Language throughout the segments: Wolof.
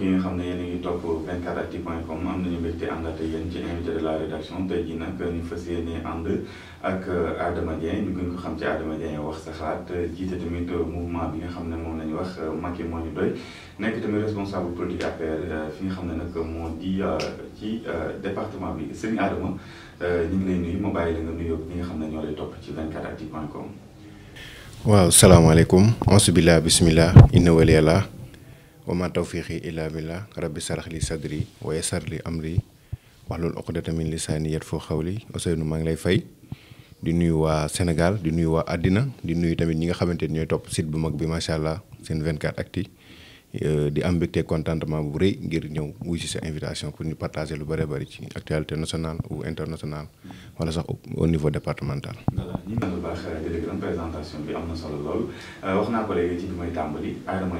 mbokk nga xam ne yéen a ngi topp 24actu point com am nañu mbégte àndaate yéen ci invité de la rédaction tey jii nag ñu fas yéene ànd ak euh, Adama Dieng ñu ko xam ci Adama Dieng wax sa xalaat euh, jiite tamit euh, mouvement bi nga xam ne moom la ñu wax Macky moo ñu doy nekk tamit responsable politique APR fi nga xam ne nag moo di ci département bi sëñ Adama ñu ngi lay nuyu ma bàyyi la nga nuyoo nga xam ne ñoo lay topp ci 24actu point com. waaw bisimilah inna wa ma tawfiqi illa billah rabbi sarax li sadri wa am li loolu waxlul tamit li lisaani yat foo xawli Ousseynou maa ngi lay fay di nuyu waa Sénégal di nuyu waa àddina di nuyu tamit ñi nga xamante ni ñooy topp site bu mag bi macha allah seen 24 actu euh, di am mbégte contentement bu rëy ngir ñëw wuy si sa invitation pour ñu partager lu bëri bëri ci actualité nationale ou internationale wala sax au niveau départemental. voilà ñu ngi leen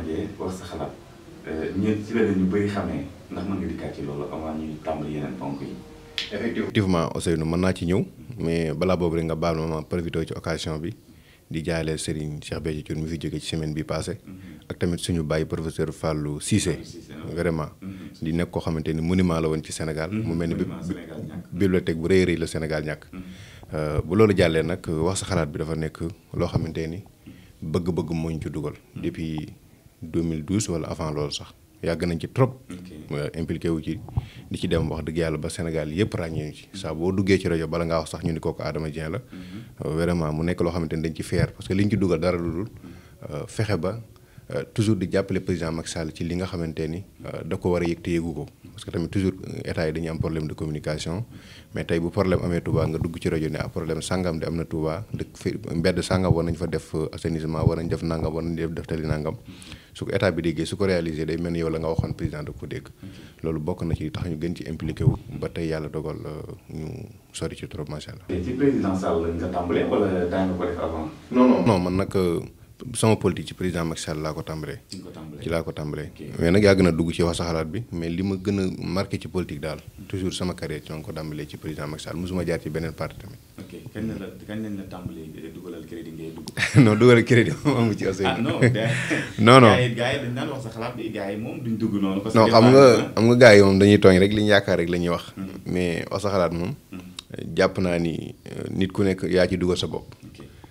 di Euh, ñun ci la ñu bëri xamee ndax mën nga dikkaat ci loolu avant ñuy tàmbali yeneen ponk yi. effectivement Ousseynou mën naa ci ñëw mm-hmm. mais balaa boobu rek nga baal ma ma ci occasion bi di jaale Serigne Cheikh Béthio Thioune mu fi jógee ci semaine bi passé mm-hmm. ak tamit suñu bàyyi professeur Fallou Cissé vraiment mm-hmm. di nekk koo xamante ni mu ni monument la woon ci senegal mu mel ni bibliothèque bu rëy rëy la Sénégal ñàkk euh, bu loolu jàllee nag wax sa xalaat bi dafa nekk loo xamante ni bëgg-bëgg mooñ ci dugal depuis 2012 wala avant loolu sax yàgg nañ ci trop. impliqué wu ci di ci dem wax dëgg yàlla ba Sénégal yëpp ràññee ci. saa boo duggee ci rajo bala nga wax sax ñu ni kooku Adama Dieng la. Mhm. Euh, vraiment mu nekk loo xamante ni dañ ci fier parce que liñ ci dugal dara lu dul euh, fexe ba Euh, toujours di jàppale président Macky Sall ci li nga xamante ni euh, da ko war a yëg te yëgu ko parce que tamit toujours euh, état yi dañuy am problème de communication mais tey bu problème amee Touba nga dugg ci rajo ne ah problème sangam de am na Touba dëkk fi mbedd sangam war nañ fa def assainissement war nañ def nangam war nañ def def tali nangam su ko état bi déggee su ko réalisé day mel yow la nga waxoon président da ko dégg loolu bokk na ci tax ñu gën ba tey yàlla dogal ñu sama politique ci président Macky Sall laa ko tàmbalee. ci laa ko tàmbalee. mais nag yaa gën dugg ci wax bi mais li ma gën a marqué ci politique daal. toujours sama carrière ci ma ko tàmbalee ci président Macky Sall mosuma jaar ci beneen parti tamit. ok kañ crédit ngay ci aussi. ah non non non. gars yi yi dañ duñ dugg noonu. parce xam nga xam nga gars yi moom dañuy tooñ rek li ñu yaakaar rek la ñuy wax. Mm-hmm. mais wax moom. Mm-hmm. jàpp naa ni euh, nit ku nekk yaa ci dugal sa bopp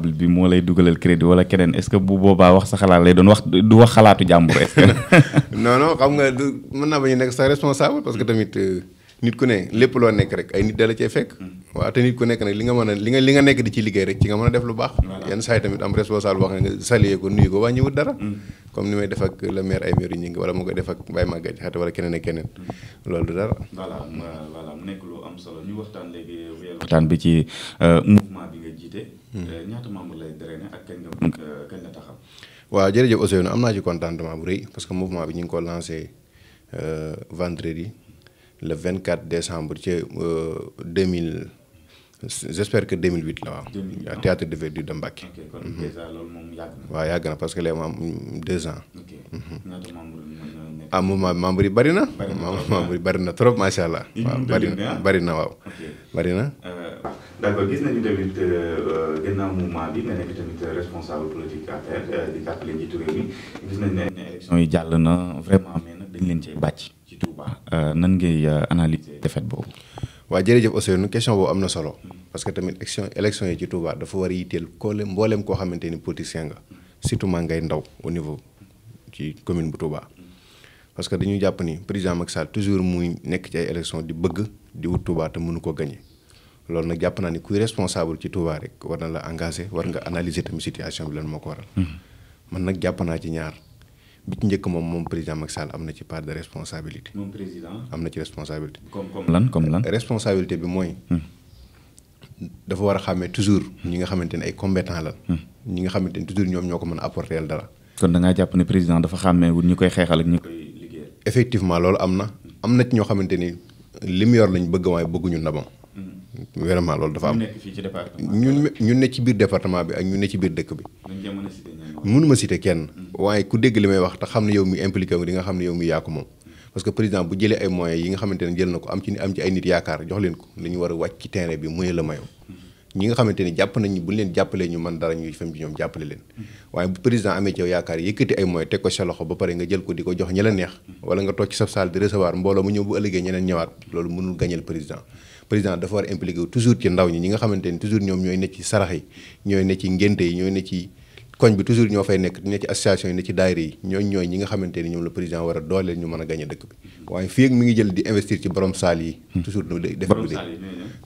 comptable bi moo lay dugalal crédit wala keneen est-ce que bu boobaa wax sa xalaat lay doon wax du wax xalaatu jàmbur est-ce que. non xam nga du mën naa bañ a nekk sa responsable parce que tamit euh, nit ku ne lépp loo nekk rek ay nit dala cee fekk. Hmm. waaw te nit ku nekk nag li nga mën a li nga li nga nekk di ci liggéey rek ci nga mën a def lu baax. yenn saa yi tamit am responsable boo nga salué nuyu ko wàññiwut dara. Hmm. comme ni may def ak le maire ay maire yu ñu ngi wala mu Hmm. Eh, ñaata membre lay drainer ak hmm. euh, am naa ci contentement bu rëy parce que mouvement bi ñu ngi ko lancé euh, vendredi le 24 décembre ci 2000 euh, j'espère que 2008 la waaw. 2008 waaw ah. théâtre de verdure de Mbacké. ok kon hmm. déjà loolu moom na. waaw yàgg na parce que léegi mu am deux ans. membre ah mouvement bi membre yi bari na. bari na ah. trop macha allah. waaw bari waaw. bari d' accord gis nañu tamit jàll na vraiment mais nag dañ leen cee bàcc ci Touba nan ngay analyser défaite boobu. waaw jërëjëf Ousseynou question boobu am na solo parce que tamit action élection yi ci Touba dafa war a yitteel koole mbooleem koo xamante ni politicien nga surtout maa ngay ndaw au niveau ci commune bu Touba. parce que dañuy jàpp ni président Macky Sall toujours muy nekk ci ay élection di bëgg di wut Touba te mënu ko gagné. loolu nag jàpp naa ni kuy responsable ci Touba rek war na la engagé war nga analyser tamit situation bi lan moo ko waral. Mm-hmm. man nag jàpp naa ci ñaar bi ci njëkk moom moom président Macky Sall am na ci part de responsabilité. moom am na ci responsabilité. comme lan comme lan. responsabilité bi mooy. Mm. dafa war a xàmmee toujours ñi nga xamante ne ay combattant la. Mm. ñi nga xamante ne toujours ñoom ñoo ko mën a apporter dara. kon da jàpp ne président dafa xàmmee wul ñu koy xeexal ak ñu koy liggéeyal. effectivement loolu am na am na ci ñoo xamante ni lim yor lañ bëgg waaye bëgguñu nabam. vraiment loolu dafa am ñun ñun ne ci biir département bi ak ñun ne ci biir dëkk bi mënuma citer kenn mm. waaye ku dégg li may wax te xam ne yow mi impliqué wu di nga xam ne yow mi yaa ko moom parce que président bu jëlee ay moyens yi nga xamante ne jël na ko nit yaakaar jox leen ko li ñu war a wàcc ci mm-hmm. nga xamante ni jàpp nañu bu ñu leen jàppalee ñu man dara ñuy fam ci ñoom jàppale leen mm-hmm. waaye bu président amee ci yaakaar yëkkati ay moyens teg ko sa loxo ba pare nga jël ko di ko jox ñi la neex mm-hmm. wala nga toog ci sa salle di recevoir mbooloo mu ñëw bu ëllëgee ñeneen ñëwaat loolu président dafa war a impliqué toujours ci ndaw ñi ñi nga xamante ni toujours ñoom ñooy nekk ci sarax yi ñooy nekk ci ngénte yi ñooy nekk ci koñ bi toujours ñoo fay nekk ne ci association yi ne ci daayira yi ñi nga xamante ni ñoom la président war a dooleel ñu mën a gañe dëkk bi waaye fii ak mi ngi jël borom saal yi hmm. toujours def bi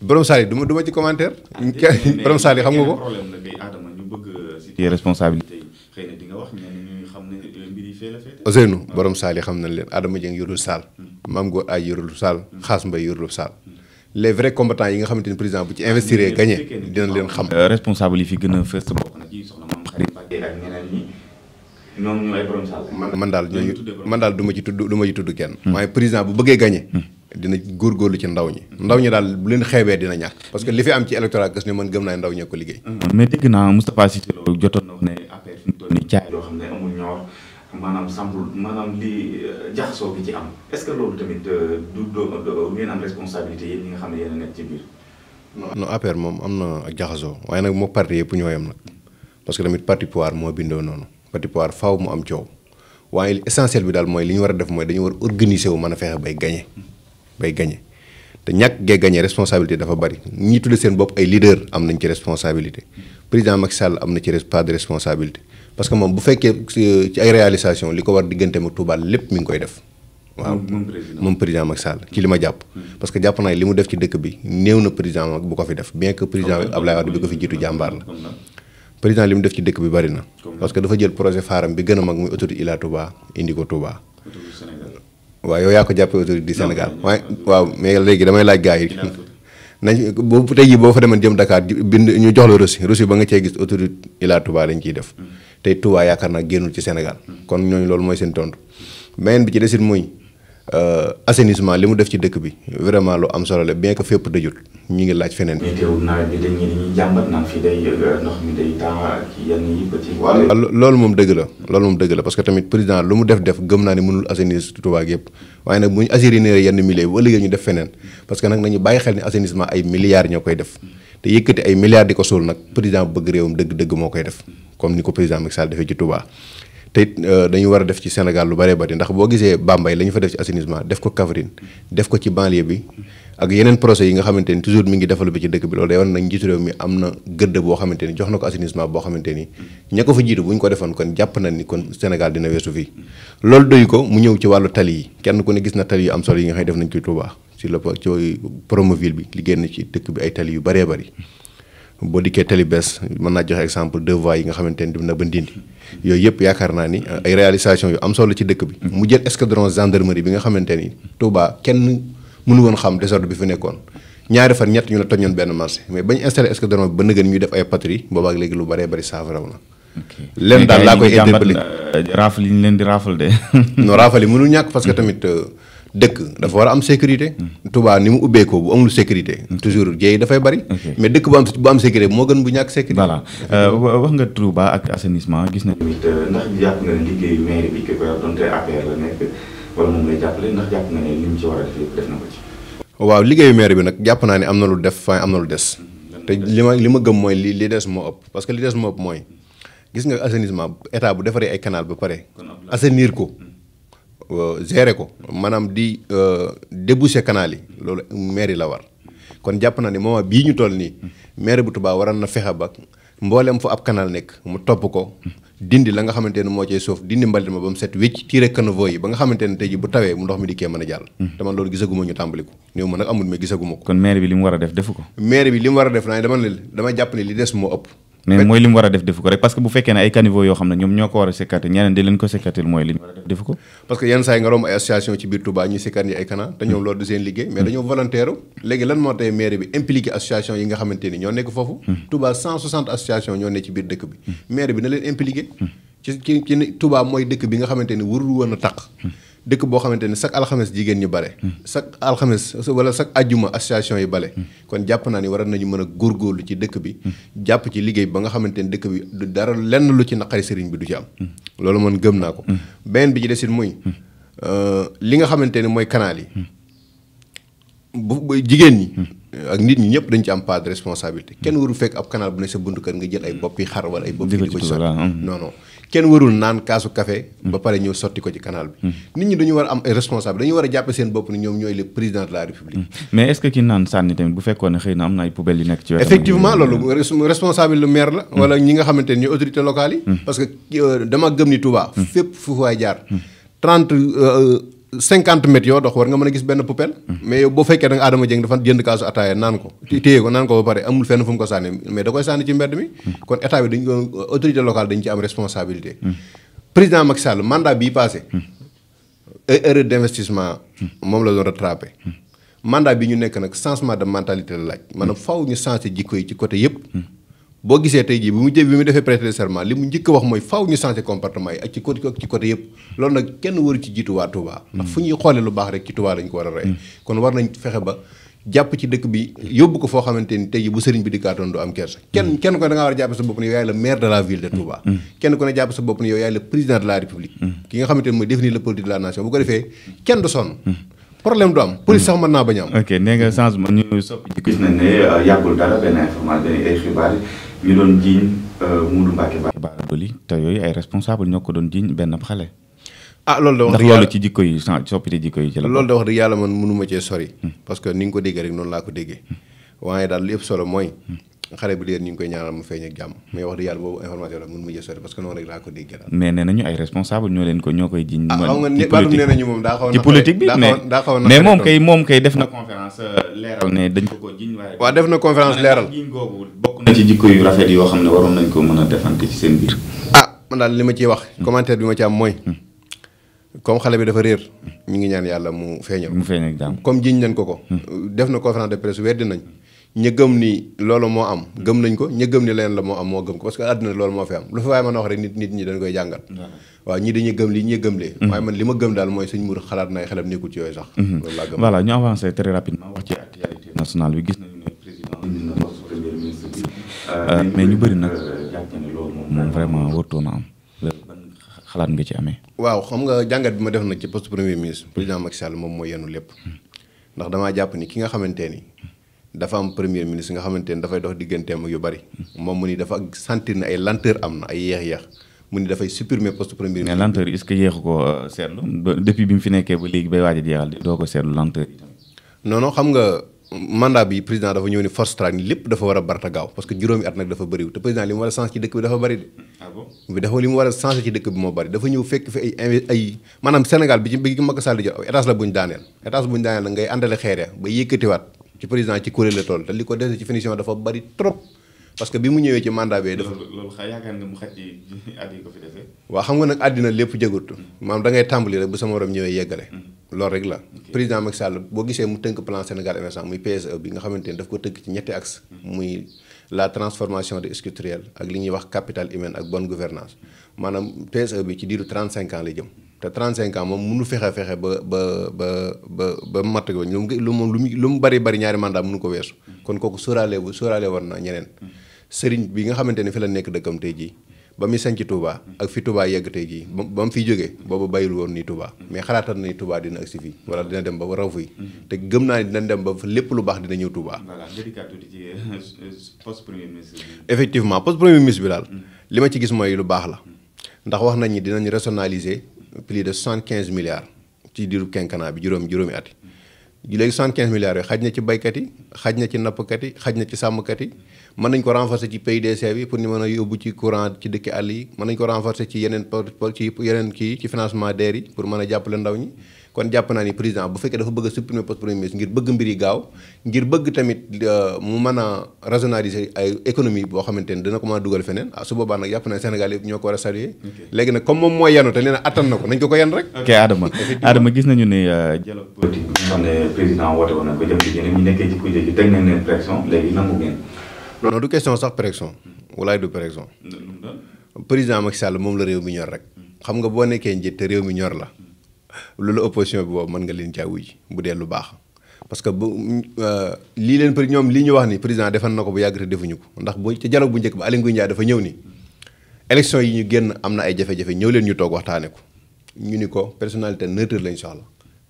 borom saal yi du ma du ma ci commentaire ah, borom saal yi xam nga ko problème la bëgg euh, responsabilité na di nga wax ñenn xam ne euh, mbir ah. borom saal xam nañ leen Adama Dieng yorul saal hmm. Mame Goor Aay yorul saal hmm. Xaas Mbay yorul saal les vrais combattants yi nga xamante ni président bu ci investir gagné dina leen xam. Euh, responsable yi fi gën a fës bokk na ci soxna moom man daal ñooñu man daal du ma ci tudd du ma ci tudd kenn. Hmm. waaye président bu bëggee gagné. Hmm. dina góorlu ci ndaw ñi. ndaw ñi daal bu leen xeebee dina ñax parce que li fi am ci électorat gis ne man gëm naa ndaw ñee ko liggéey. Hmm. mais dégg naa Moustapha Cissé Lo na wax ne affaire fi ne amul maanaam sambul maanaam li euh, jaxasoo bi ci am est loolu tamit euh, du doo ngeen am responsabilité yéen nga xam ne yéen a ci biir. non affaire moom am na ak jaxasoo waaye nag moo parti yëpp ñoo yem nag parce que tamit parti pouvoir moo bindoo noonu parti pouvoir mu am coow waaye essentiel bi daal mooy li ñu war a def mooy dañu war a organiser wu mën a fexe bay gañe bay gañe te ñàkk gee gañe responsabilité dafa bari ñi seen bopp ay leader am nañ ci responsabilité président Macky Sall am na ci part de responsabilité. parce que moom bu fekkee ci ay réalisation li ko war diggante ak Touba lépp mi ngi koy def. waaw moom président Macky Sall ci li ma jàpp. Hmm. parce que jàpp naa li mu def ci dëkk bi néew na président mag bu ko fi def bien que président Abdoulaye bi ko fi jiitu jàmbaar la. président def ci dëkk bi bari na. parce que dafa jël projet faaram bi gën a mag muy autoroute Ila Touba indi ko Touba. waaw yow yaa ko jàppee autoroute du Sénégal waaye waaw mais léegi damay laaj gars yi. nañ boobu tey jii boo fa demoon jëm Dakar bind ñu jox la reçu reçu ba nga cee gis autoroute Ila Touba lañ ciy def. Hmm. tey Touba yaakaar naa génnul ci Sénégal. kon ñooñu loolu mooy seen tontu. beneen bi ci desit muy euh, assainissement li mu def ci dëkk bi vraiment lu am solo la bien que fépp dëjut ñu ngi laaj feneen. mais teewul nawet bi euh, loolu moom dëgg la loolu moom dëgg la parce que tamit président lu mu def def gëm naa ne mënul assainir Touba ak yëpp waaye nag bu ñu assainir yenn milliers bu ëllëgee ñu def feneen parce que nag nañu bàyyi xel ni assainissement ay milliards ñoo koy def te yëkkati ay milliards di ko sol nag président bëgg réewam dëgg-dëgg moo koy def comme ni ko président Macky Sall defee ci Touba. te it euh, dañu war a def ci Sénégal lu bëree bëri ndax boo gisee Bambey la ñu fa def ci assainissement def ko Kaffrine def ko ci banlieue bi ak yeneen projet yi nga xamante ni toujours mi ngi développé ci dëkk bi loolu day war na njiitu réew mi am na gëdd boo xamante ni jox na ko assainissement boo xamante ni ña ko fa jiitu bu ko defoon kon jàpp na ni kon Sénégal dina weesu fii loolu doyu ko mu ñëw ci wàllu tali yi kenn ku ne gis na tali yu am solo yi nga xam ne def nañ ci Touba ci bi liggéey ci dëkk bi ay tali yu bëree bëri boo dikkee tali bees mën naa joxe exemple deux voies yi nga xamante ni dem na ba Ndindi yooyu yëpp yaakaar naa ni ay réalisation yu am solo ci dëkk bi mu jël escadron gendarmerie bi nga xamante ni Touba kenn mënu woon xam désordre bi fi nekkoon ñaari fan ñett ñu la toñoon benn marché mais bañ installé escadron bi ba nëgën ñuy def ay patrie boobaak léegi lu bëree bëri saafaraw na leen daal laa koy interpellé euh, raafal yi ñu leen di raafal de non raafal dëkk dafa war a am sécurité. Hmm. tubaa ni mu ubbeekoo bu amul sécurité. Hmm. toujours jéey dafay bari. mais dëkk bu am am sécurité moo gën bu ñàkk sécurité. voilà euh, wax nga Touba ak assainissement gis euh, na ko ci. waaw liggéeyu maire bi nag jàpp naa ne am na lu def fay am na lu des. Hmm. te li ma li ma gëm mooy li li des moo ëpp parce que li des moo ëpp mooy gis nga assainissement état bu defaree ay canal ba pare assainir ko. Euh, gérer ko maanaam di euh, déboucher canal yi loolu mairie la war kon jàpp naa ne moment bii ñu toll nii mairie bu Touba waroon na fexe ba mboolem fu ab canal nekk mu topp ko dindi la nga xamante ne moo cay suuf dindi mbalit ma ba mu set wécc tiire caniveau yi ba nga xamante ne tey ji bu tawee mu ndox mi di kee mën a jàll te hmm. man loolu gisaguma ñu tàmbaliku néew ma nag amul mais gisaguma ko kon maire bi li mu war a def defu ko maire bi li mu war a def naa dama ne dama li des moo mais mooy li mu war a def defu ko rek parce que bu fekkee ne ay caniveau yoo xam ne ñoom ñoo ko war a sécate ñeneen di leen ko sécatil mooy li defu ko parce que yenn saa nga romb ay association ci biir Touba ñuy sécate yi bi ñoo nekk foofu hmm. Touba 160 association ñoo nekk ci biir dëkk bi hmm. mairie bi na leen impliqué hmm. ci ci Touba mooy dëkk bi nga xamante ni warul woon a taq dëkk boo xamante ne chaque alxames jigéen ñu bare. Hmm. chaque alxames wala chaque ajjuma association yi bale. Hmm. kon jàpp naa ni war nañu mën a góor góorlu ci dëkk bi. Hmm. jàpp ci liggéey ba nga xamante ne dëkk bi du dara lenn lu ci naqari sëriñ bi du ci am. loolu mën gëm naa ko. beneen bi ci desit muy. Euh, li nga xamante ne mooy kanaal yi. bu jigéen ñi. ak nit ñi ñëpp dañ ci am part de responsabilité. kenn warul fekk ab canal bu ne sa buntu kër nga jël ay boppi xar wala ay. boppi di ko ci non kenn warul naan kaasu café mm. ba pare ñëw sotti ko ci canal bi. Mm. nit ñi dañu war a am responsable dañu war a jàppe seen bopp ni ñoom ñooy le président de la république. Mm. mais est-ce que ki naan sànni tamit bu fekkoon ne xëy na am na ay poubelles yu nekk ci wetam. effectivement loolu responsable le maire la. wala ñi nga xamante ne autorité locale yi. parce que euh, dama gëm ni Touba. fépp fu waay jaar. 30 cinquante mètres yoo dox war nga mën a gis benn poubelle. mais yow boo fekkee da nga Adama Dieng dafa jënd kaasu ataaya naan ko téye ko naan ko ba pare amul fenn fu mu ko sànni mais da koy sànni ci mbedd mi kon état bi dañ ko ci am responsabilité président Macky Sall bii passé erreur d'investissement moom la doon rattrapé mandaa bi ñu nekk nag changement de mentalité la laaj maanaam faw ñu changé jikko yi ci côté yëpp boo gisee tey jii bi mu jë bi mu defee prêter serment li mu njëkk wax mooy faaw ñu changé comportement yi ak ci côté yëpp loolu nag kenn waru ci jiitu waa hmm. ndax fu ñuy xoolee lu baax rek ci Touba lañ ko war a rey. Hmm. kon war nañ fexe ba jàpp ci dëkk bi yóbbu ko foo xamante ni tey jii bu sëriñ bi dikkaatoon du am kersa. Hmm. kenn kenn ko ne war a jàpp sa bopp ne yow yaay le maire de la ville de Touba. kenn ko ne jàpp sa bopp ne yow yaay le président de la république. am police sax a am. ok nee nga changement ñu soppi. ñu doon jiiñ euh, Moodu Mbacke Bara Dolly te yooyu ay responsable ñoo ko doon jiiñ benn xale. Ah, loolu da wax dëgg yàlla ndax loolu ci sori. Hmm. parce que ni nga ko déggee rek noonu laa ko déggee. Hmm. waaye daal li solo mooy. Hmm. xale bu leer ñu ngi koy ñaanal mu feeñ jàmm. mais wax dëgg yàlla boobu information la mënuma cee sori parce que noonu rek laa ko déggee daal. mais nee nañu ay responsable ñoo leen ko ñoo koy jiñ. ah xam ne nañu moom daa xaw ci euh, ko ko jiñ na ci jikko yu rafet yoo xam ne waroon nañ ko mën a defante ci seen biir. ah man daal li ma ciy wax. Hmm. commentaire bi ma ci am mooy. Hmm. comme xale bi dafa réer. ñu ngi ñaan yàlla mu feeñal. mu feeñal daam comme jiñ nañ ko ko. Hmm. def na conférence de presse weddi nañ. gëm ni loolu moo am. gëm nañ ko ña ni leneen la moo am moo gëm ko parce que àdduna loolu moo fi am lu fa waaye mën a wax rek nit ñi dañ koy jàngal. waaw ñii dañuy gëm lii ñii gëm lee. waaye man li ma gëm daal mooy suñ mur xalaat nay xelam nekkul ci yooyu sax. loolu laa gëm voilà ñu avancé très rapidement wax ci actualité nationale bi Euh, euh, mais ñu bëri nag euh, moom vraiment wartoon na am. xalaat nga ci amee. waaw xam nga jàngat bi ma def nag ci poste premier ministre président Macky Sall moom mooy yenu lépp hmm. ndax damaa jàpp ni ki nga xamante ni dafa am premier ministre nga xamante ni dafay dox digganteem ak yu bari moom mu ni dafa sentir ne ay lenteur am na ay yéex-yéex mu ni dafay supprimer poste premier ministre. mais lenteur yi que yéexu ko seetlu depuis bi mu fi nekkee ba léegi bay waaj a jeexal doo ko seetlu lenteur yi. xam nga. mandat bi président dafa ñëw ni force track lépp dafa war a barta gaaw parce que juróomi at nag dafa bëriwu président li mu war a sens ci dëkk bi dafa bëri de. ah dafa li mu war a sens ci dëkk bi moo bëri dafa ñëw fekk fi ay ay maanaam bi ci bi Macky Sall di jot étage la bu daaneel étage bu daaneel ngay àndale xeere ba yëkkatiwaat ci président ci kuréel la toll te li ko dese ci finition dafa bëri trop parce que bi mu ñëwee ci mandat bee. dafa loolu xay yaakaar nga mu xaj ci xam nga nag àddina lépp jëgut. Mm. maam da ngay tàmbali rek bu sama morom ñëwee yeggale. Mm. loolu rek la président Macky Sall boo gisee mu tënk plan Sénégal émergent muy PSE bi nga xamante ni daf ko tëgg ci ñetti axe. Mm. muy la transformation de structurelle ak li ñuy wax capital humain ak bon gouvernance maanaam PSE bi ci diiru 35 ans lay jëm. te 35 ans moom mënu fexe fexe ba ba ba ba ba matt ko lu mu lu mu lu mu bari bari ñaari mandat mënu ko weesu. kon kooku sóoraale bu sóoraale war na ñeneen. sëriñ bi nga xamante ne fi la nekk dëkkam tey jii ba muy sanc Touba ak fi Touba yegg tey jii ba mu fiy jógee boobu bàyyil woon nii Touba mais xalaatal na ni Touba dina si fii wala dina dem ba raw fii mm-hmm. te gëm naa ne dina dem ba lépp lu baax dina ñëw Touba. voilà ci euh, poste premier ministre bi daal mm-hmm. li ma ci gis mooy lu baax la mm-hmm. ndax wax nañ ni dinañ rationaliser plus de cent quinze milliards ci di diiru quinquennat bi juróom juróomi at yi léegi cent quinze milliards yooyu xaj na ci baykat yi xaj na ci nappkat yi xaj na ci sàmmkat yi mën nañ ko renforcer ci PUDC bi pour ñu mën a yóbbu ci courant ci dëkki àll yi mën nañ ko renforcer ci yeneen ci ci financement DER yi pour mën a jàppale ndaw ñi kon jàpp naa ni président bu fekkee dafa bëgg a supprimer poste premier ministre ngir bëgg mbir yi gaaw euh, a rationaliser boo xamante ne dina ko mën a dugal feneen ah su boobaa nag jàpp naa Sénégal yëpp ñoo ko war a saluer léegi nag comme moom mooy yanu te nee na attan na ko nañ ko ko yan rek Adama gis nañu ne euh, dialogue non du question sax pression walaay du pression président Macky Sall moom la réew mi ñor rek xam nga boo nekkee njiit te réew mi ñor la loolu opposition bi boobu mën nga leen caa wuy bu dee lu baax parce que bu euh, lii leen për ñoom lii ñu wax ni président defan na ko bu yàgg te defuñu ko ndax bu ca dialogue bu njëkk ba Aly Ngouille Ndiaye dafa ñëw nii élection yi ñu génn am na ay jafe-jafe ñëw leen ñu toog waxtaane ko ñu ni ko personnalité neutre lañ soxla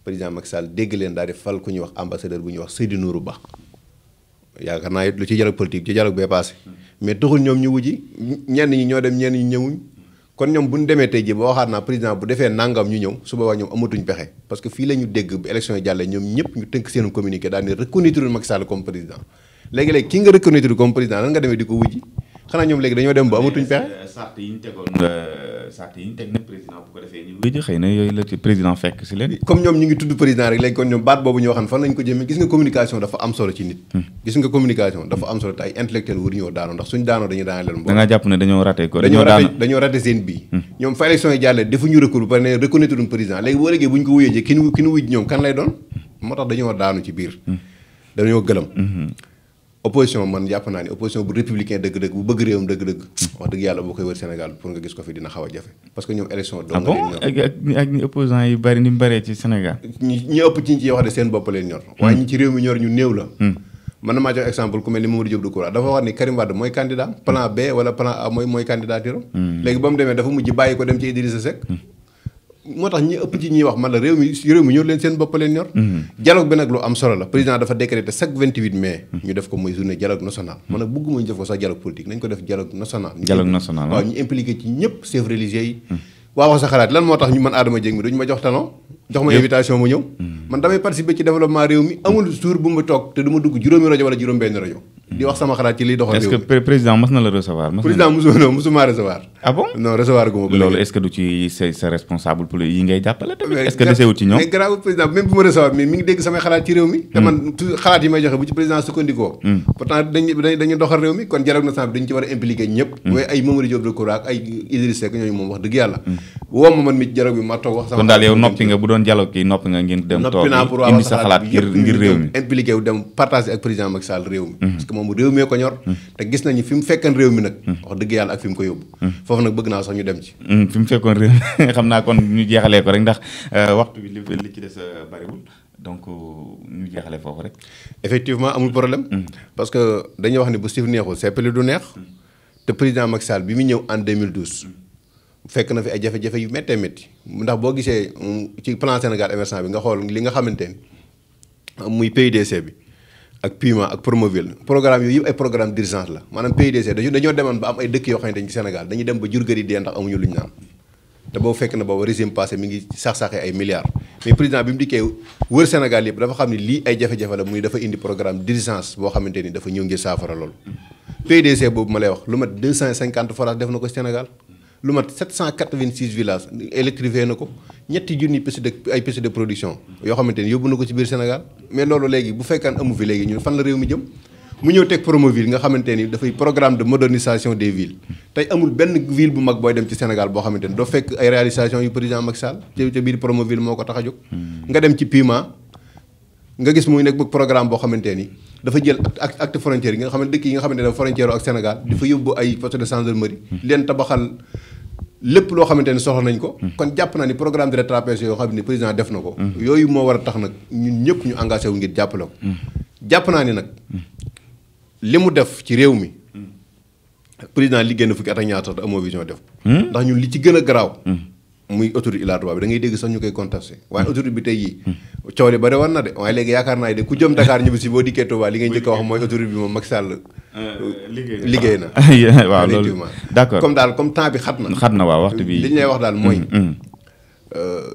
président Macky Sall dégg leen daal di fal ku ñuy wax ambassadeur bu ñuy wax Seydou Nourou Ba yaakaar naa it lu ci dialogue politique ci dialogue bee passé mais taxul ñoom ñu wujji ñenn ñi ñoo dem ñenn ñi ñëwuñ kon ñoom bu ñu demee tey jii ba waxaat naa président bu defee nangam ñu ñëw suba waa ñoom amatuñ pexe parce que fii la ñu dégg bi élection yi jàllee ñoom ñëpp ñu tënk seen communiqué daal ne reconnaître Macky Sall comme président léegi-léegi ki nga reconnaître comme président lan nga demee di ko wujji xanaa ñoom léegi dañoo dem ba amatuñ pexe. sart euh, euh, yi ñu teg na président bu ko defee ñu wéji xëy na yooyu la ci président fekk si leen. comme ñoom ñu ngi tudd président rek léegi kon ñoom baat boobu ñoo xam fan lañ ko jëmee gis nga communication dafa am solo ci nit. Hmm. gis nga communication dafa am solo te ay intellectuel waruñoo daanoo ndax suñ daanoo dañu daaneel mbooloo. da jàpp ne dañoo raté seen bii. Hmm. ñoom fa élection yi jàllee defuñu ñu ko opposition man jàpp naa ni opposition bu républicain dëgg-dëgg bu bëgg réewam dëgg-dëgg wax dëgg yàlla boo koy wër Sénégal pour nga gis ko fi dina xaw a jafe parce que ñoom élection doon ah na ñor waaye ñi ci réew mi ñor ñu néew la hmm. man na maa jox exemple ku mel ni Mamadou Diop Decroix dafa wax ni Karim mooy candidat plan B wala plan A mooy mooy candidature hmm. léegi ba mu demee dafa mujj bàyyi ko dem ci Idrissa Seck hmm. moo tax ñi ëpp ci ñuy wax man la réew mi réew mi ñor leen seen bopp leen ñor. Mhm. dialogue bi nag lu am solo la président dafa décréter chaque 28 mai. ñu def ko muy journée dialogue national. man nag bëgguma ñu def ko sax dialogue politique nañ ko def dialogue national. dialogue national waaw ah. ñu impliqué ci ñëpp chefs religieux yi. Mhm. waaw wax sa xalaat lan moo tax ñu man Adama jeg mi duñ ma jox talon. jox ma invitation mu ñëw. Hmm. man damay participer ci développement réew mi amul jour bu ma toog te du ma dugg juróomi rajo wala juróom-benn rajo. di wax sama xalaat ci liy doxal réew mi est-ce que président mës na la recevoir. président mosuma non mosuma recevoir. ah bon non recevoir gu ma ko. pour yi ngay doxal réew mi kon dialogue national bi dañu ci war a impliquer ñëpp. mooy hmm. ay Mamadou Diop Decroix ak ay Idrissa Seck ñooñu moom wax dëgg yàlla hmm. woo ma man mi dialogue bi ma toog wax sama. kon daal yow noppi nga bu doon dialogue kii noppi nga ngeen dem. toog indi sa xalaat ngir ngir réew mi impliqué wu dem partagé ak président Macky Sall réew mi. Mhm. ko ñor. Mhm. te gis nañu fi mu fekkan réew mi nag. Mhm. wax dëgg yàlla ak ko yóbbu. foofu nag naa sax ñu dem ci. fi mu fekkoon réew mi naa kon ñu jeexalee ko rek ndax euh, waxtu bi li li ci des euh, bariwul donc euh, ñu jeexalee foofu rek. effectivement amul problème. parce que dañuy wax ne bu siif neexul seppali du neex. te président bi mu ñëw en 2012 fekk na fi ay jafe-jafe yu méttee métti ndax boo gisee mm, ci plan Sénégal émergent bi nga xool li nga xamante ni ah, muy PUDC bi ak PUMA ak Promoville programme yooyu yëpp ay programme d'urgence la maanaam PUDC dañu dañoo demoon ba am ay dëkk mi ngi sax-saxee ay milliards mais président bi ne lii ay jafe-jafe dafa indi programme d'urgence boo xamante ni dafa ñëw ngir saafara loolu PUDC boobu ma lay wax lu mat deux cent cinquante forages def na ko Sénégal lu mat 786 villages électrifié na ko ñetti junni piste de ay piste de production yoo xamante ni yóbbu na ko ci biir Sénégal mais ni dafay programme de modernisation des villes tey amul benn ville bu mag booy dem ci Sénégal boo xamante ni doo fekk ay réalisation yu président Macky Sall ci ca a jóg hmm. nga dem ci Pima nga gis muy boo xamante ni dafa jël acte acte frontière yi nga xam dëkk yi nga xamante ne frontière ak Sénégal dafa yóbbu ay poste de gendarmerie hmm. leen tabaxal lépp loo xamante ni soxla nañ ko. Hmm. kon jàpp naa ni programme de rattrapage yoo xam ne président def na ko. Hmm. yooyu moo war a tax nag ñun ñëpp ñu engagé wu ngir jàppale ko. Hmm. jàpp naa ni nag li mu def ci réew mi président liggéey na fukki at ak ñaar sax amoo vision def. ndax ñun li ci gën a garaaw. muy autorité Ila Touba bi da ngay dégg sax ñu koy contesté waaye autorité bi tey jii coow li bari na de waaye léegi yaakaar naa de ku jëm Dakar ñibbi si boo dikkee Touba li ngay njëkk wax mooy autorité bi moom Macky Sall liggéey na waaw loolu d'accord comme daal comme temps bi xat na xat na waaw waxtu bi li ñu lay wax daal mooy mm, mm. Euh,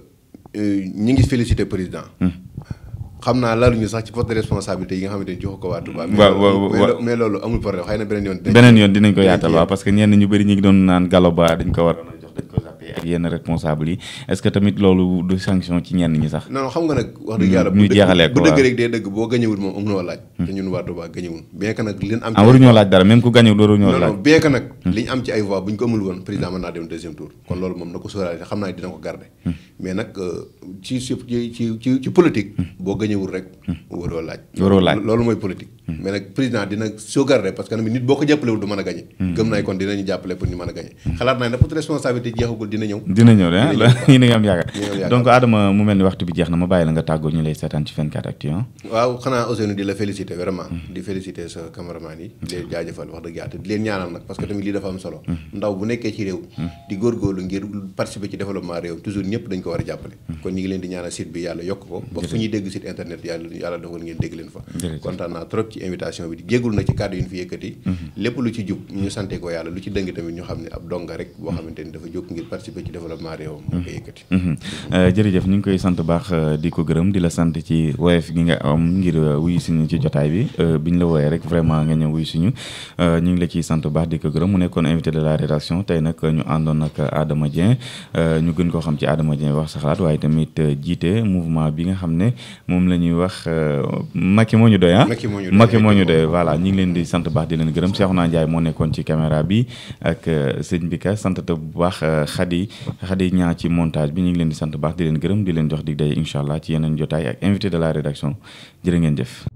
euh, ñu ngi félicité président mm. xam naa laluñu sax ci poste de responsabilité yi nga xamante ne joxu ko waa Touba. waaw loolu amul problème ñu bëri ñu ngi doon naan galo ba dañ war ak yenn responsable yi est-ce que tamit loolu du sanction ci ñenn ñi sax. non xam nga nag. wax dëgg jeexalee bu dëgg rek dee dëgg boo gañewul moom am laaj. Hmm. te ñun waa Touba gañewul bien que nag li ñu am. ah waruñoo laaj nag. Hmm. li am ci ay voix bu ñu ko amul woon hmm. président mën naa dem deuxième tour. kon loolu moom na ko sóoraale te xam naa dina ko garder. mais nag euh, ci ci boo gañewul rek. waroo laaj. loolu mooy politique. mais nag président dina sauvegarder parce que nit boo dina ñëw dina ñëw de ñu ngi am yaakaar donc Adama mu mel ni waxtu bi jeex na ma bàyyi la nga tàggoo ñu lay seetaan ci 24 actu waaw xanaa Ousseynou di la féliciter vraiment mm-hmm. di féliciter sa cameraman yi mm-hmm. di leen jaajëfal wax dëgg yàlla te di leen ñaanal nag parce que tamit lii dafa am solo mm-hmm. ndaw bu nekkee ci réew di góorgóorlu ngir participer ci développement réew toujours ñëpp dañ ko war a jàppale kon ñu ngi leen di ñaanal site bi yàlla yokk ko ba fu ñuy dégg site internet yàlla yàlla dogal ngeen dégg leen fa kontaan naa trop ci invitation bi di jéggul na ci kàddu yi ñu fi yëkkati lépp lu ci jub ñu sante ko yàlla lu ci dëng tamit ñu xam ne ab donga rek boo xamante ni dafa jóg ngir participer participer ci mm-hmm. mm-hmm. euh, ñu ngi koy sant baax euh, di ko gërëm di la sant ci woyeef gi nga am ngir euh, wuyu suñu ci jotaay bi biñ la wooyee rek vraiment nga ñëw wuyu suñu ñu ngi la ciy sant baax di ko gërëm mu nekkoon invité de la rédaction tey nag ñu àndoon ak Adama Dieng ñu gën koo xam ci Adama Dieng wax sa xalaat waaye tamit jiite mouvement bi nga xam ne moom la wax Macky moo ñu doy ah. Macky moo ñu doy Macky moo ñu doy voilà ñu ngi leen di sant baax di leen gërëm Cheikhouna Ndiaye moo nek ci caméra bi ak sëñ yi Khady Niang ci montage bi ñu leen sant baax di leen gërëm di leen jox dig day incha ci yeneen jotaay ak invité de la rédaction jërë ngeen jëf